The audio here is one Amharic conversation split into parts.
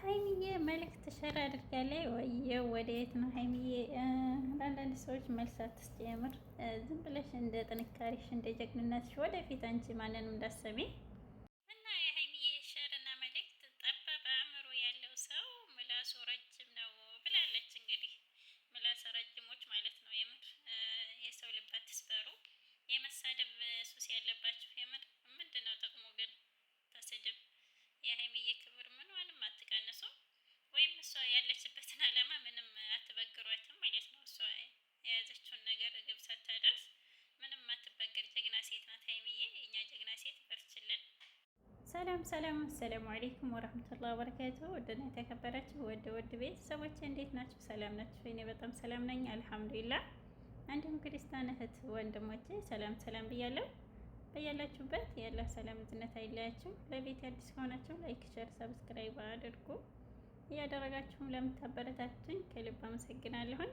ሀይሚዬ መልእክት ሸር አድርጋለች። ወየው ወደየት ነው ሀይሚዬ? ለአንዳንድ ሰዎች መልስ አትስጪ። የምር ዝም ብለሽ እንደ ጥንካሬሽ እንደ ጀግንነትሽ ወደፊት አንቺ ማንንም እንዳሰቢ እና የሀይሚዬ ሸርና መልእክት ጠባብ አእምሮ ያለው ሰው ምላሱ ረጅም ረጅሞች ማለት ነው። የምር የሰው ልብ አትስበሩ። የመሳደብ ሱስ ያለባችሁ የምር ሰላም ሰላም፣ አሰላሙ አሌይኩም ወረህመቱላሂ ወበረካቱ። ውድና የተከበራችሁ ወደ ወድ ቤተሰቦች እንዴት ናችሁ? ሰላም ናችሁ? እኔ በጣም ሰላም ነኝ አልሐምዱሊላህ። እንዲሁም ክርስቲያን እህት ወንድሞቼ ሰላም ሰላም ብያለሁ። በያላችሁበት ያለ ሰላም እዝነት አይለያችሁ። ለቤት አዲስ ከሆናችሁ ላይክ፣ ሸር፣ ሰብስክራይብ አድርጉ። እያደረጋችሁም ለምታበረታቱኝ ከልብ አመሰግናለሁኝ።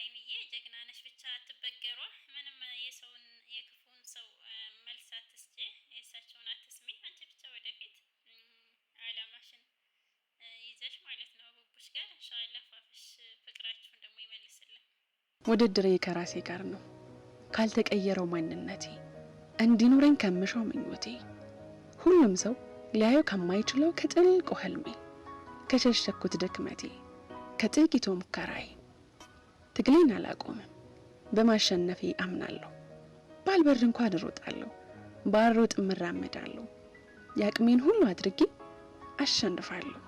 ሀይሚዬ ጀግና ነሽ ብቻ አትበገሯ። ምንም የሰውን የክፉን ሰው መልስ አትስጪ፣ የእሳቸውን አትስሚ። አንቺ ብቻ ወደፊት አላማሽን ይዘሽ ማለት ነው ቡቡሽ ጋር እንሻላ ፋፍሽ ፍቅራችሁን ደግሞ ይመልስልን። ውድድሬ ከራሴ ጋር ነው ካልተቀየረው ማንነቴ እንዲኖረኝ ከምሻው ምኞቴ ሁሉም ሰው ሊያዩ ከማይችለው ከጥልቁ ህልሜ ከሸሸኩት ድክመቴ ከጥቂቱ ሙከራዬ ትግሌን አላቆምም። በማሸነፌ አምናለሁ። ባልበር እንኳን እሮጣለሁ፣ ባልሮጥ እራመዳለሁ። የአቅሜን ሁሉ አድርጌ አሸንፋለሁ።